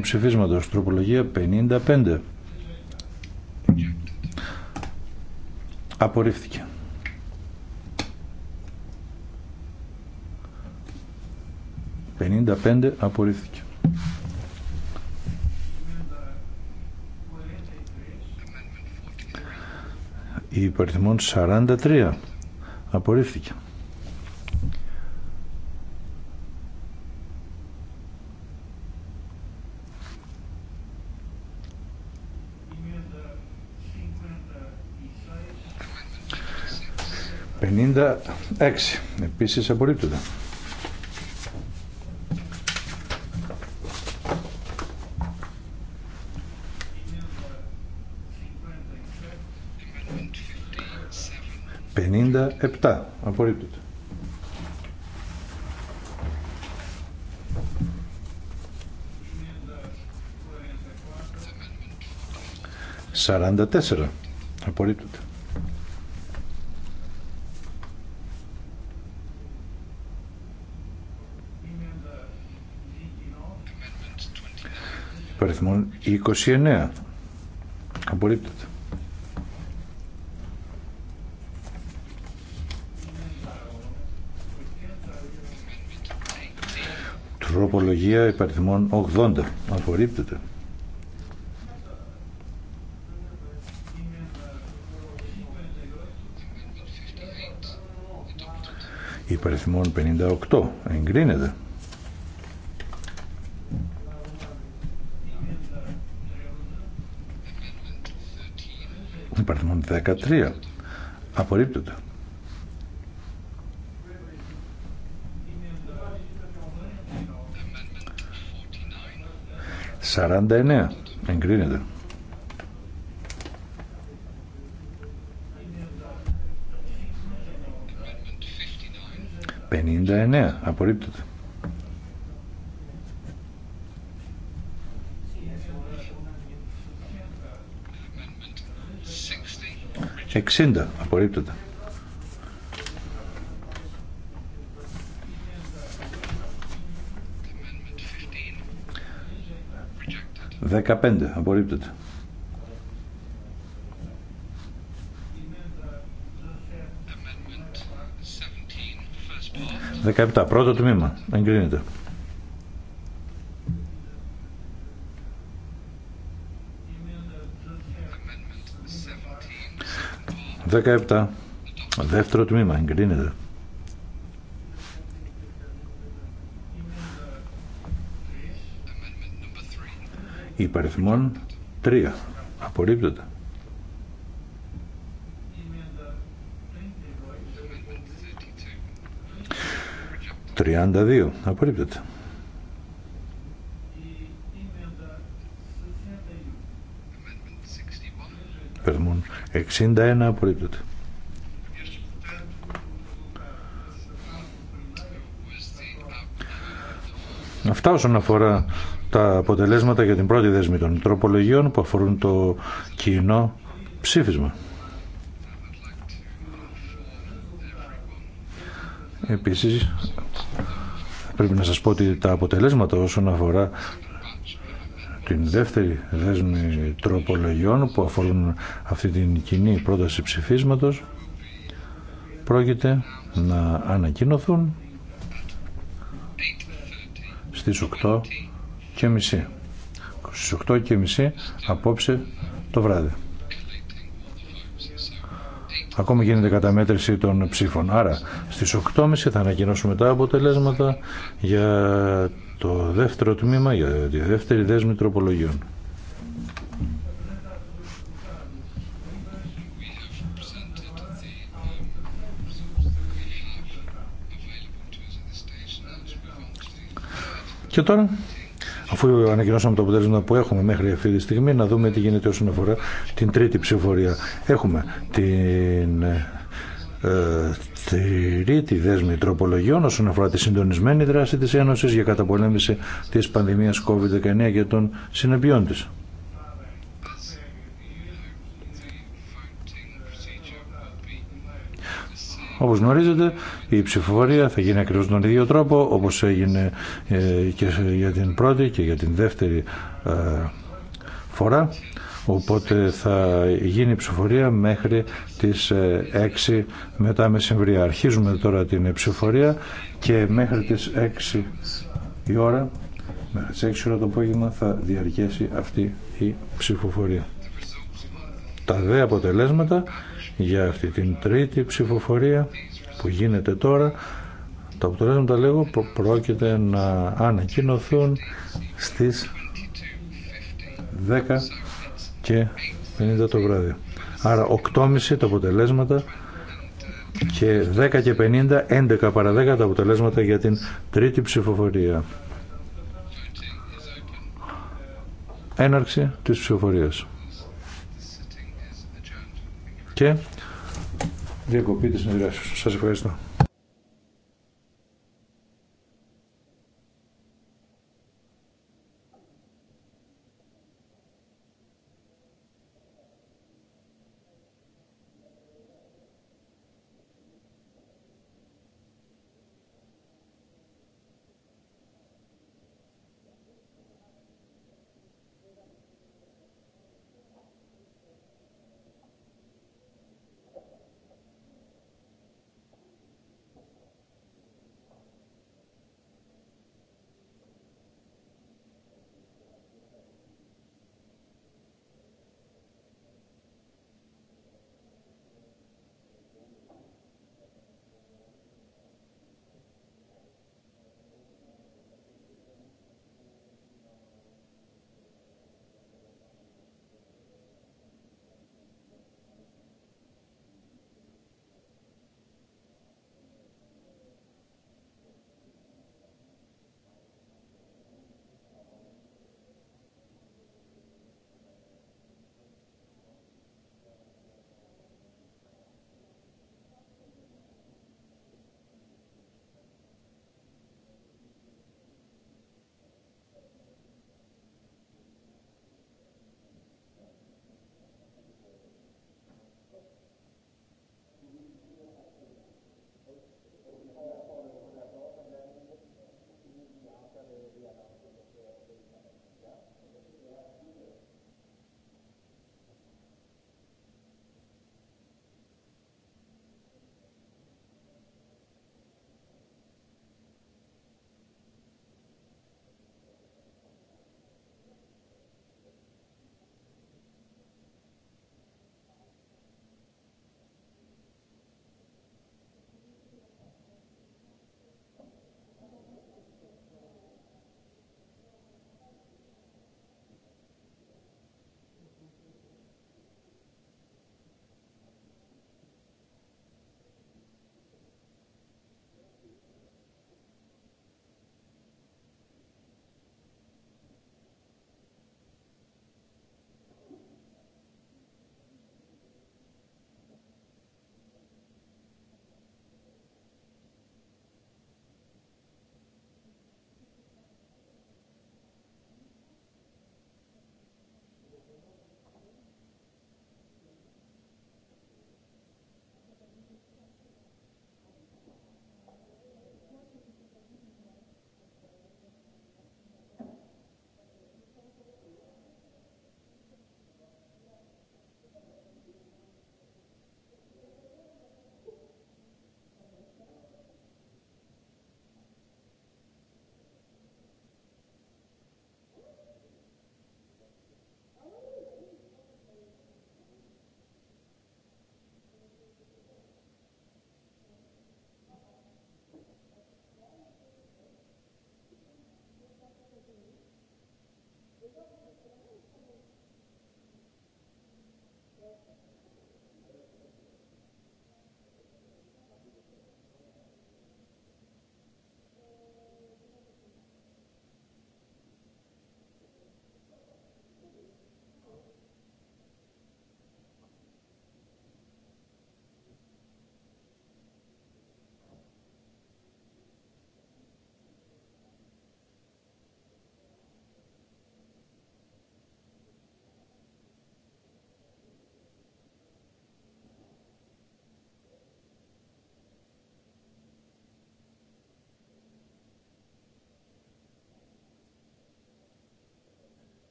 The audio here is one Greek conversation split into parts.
ψηφίσματο τροπολογία 55 απορρίφθηκε «55 απορρίφθηκε». Η υπαριθμόν 43 απορρίφθηκε. 96. Επίσης απορρίπτωτα. Πενήντα επτά. Απορρίπτεται. Σαράντα τέσσερα. Απορρίπτεται. παριθμών 29. Απορρίπτεται. Τροπολογία υπαριθμών 80. Απορρίπτεται. Υπαριθμών 58. Εγκρίνεται. 13. Απορρίπτεται. Σαράντα εννέα. Εγκρίνεται. Πενήντα εννέα. Απορρίπτεται. 60 απορρίπτεται. Δεκαπέντε απορρίπτεται. Δεκαεπτά πρώτο τμήμα εγκρίνεται. 17. Δεύτερο τμήμα εγκρίνεται. Υπαριθμών 3. Απορρίπτεται. Τριάντα δύο. Απορρίπτεται. 61 Αυτά όσον αφορά τα αποτελέσματα για την πρώτη δέσμη των τροπολογιών που αφορούν το κοινό ψήφισμα. Επίσης, πρέπει να σας πω ότι τα αποτελέσματα όσον αφορά την δεύτερη δέσμη τροπολογιών που αφορούν αυτή την κοινή πρόταση ψηφίσματος πρόκειται να ανακοινωθούν στις 8 και μισή. Στις 8 και μισή απόψε το βράδυ. Ακόμα γίνεται καταμέτρηση των ψήφων. Άρα στις 8.30 θα ανακοινώσουμε τα αποτελέσματα για το δεύτερο τμήμα, για τη δεύτερη δέσμη τροπολογιών. Και τώρα αφού ανακοινώσαμε το αποτέλεσμα που έχουμε μέχρι αυτή τη στιγμή, να δούμε τι γίνεται όσον αφορά την τρίτη ψηφορία. Έχουμε την ε, τρίτη δέσμη τροπολογιών όσον αφορά τη συντονισμένη δράση της Ένωσης για καταπολέμηση της πανδημίας COVID-19 και των συνεπειών της. Όπως γνωρίζετε, η ψηφοφορία θα γίνει ακριβώς τον ίδιο τρόπο, όπως έγινε ε, και για την πρώτη και για την δεύτερη ε, φορά. Οπότε θα γίνει η ψηφοφορία μέχρι τις 6 ε, μετά μεσημβρία. Αρχίζουμε τώρα την ψηφοφορία και μέχρι τις 6 η ώρα, μέχρι τις 6 ώρα το απόγευμα θα διαρκέσει αυτή η ψηφοφορία. Τα δε αποτελέσματα για αυτή την τρίτη ψηφοφορία που γίνεται τώρα. Τα αποτελέσματα λέγω πρόκειται να ανακοινωθούν στις 10 και 50 το βράδυ. Άρα 8.30 τα αποτελέσματα και 10 και 50, 11 παρα 10 τα αποτελέσματα για την τρίτη ψηφοφορία. Έναρξη της ψηφοφορίας και διακοπή της συνεδριάσεως. Σας ευχαριστώ.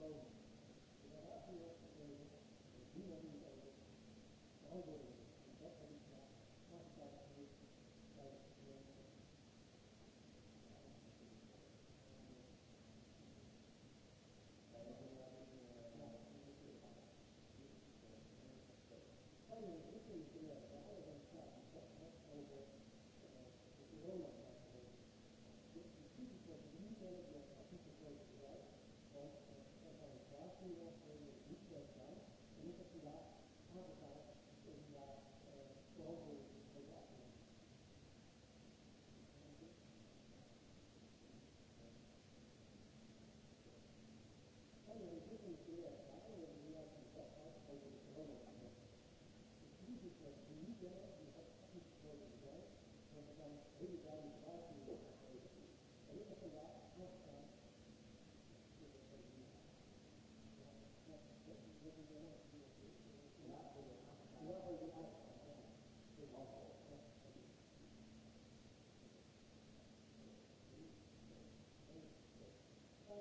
Thank you.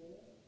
Thank you.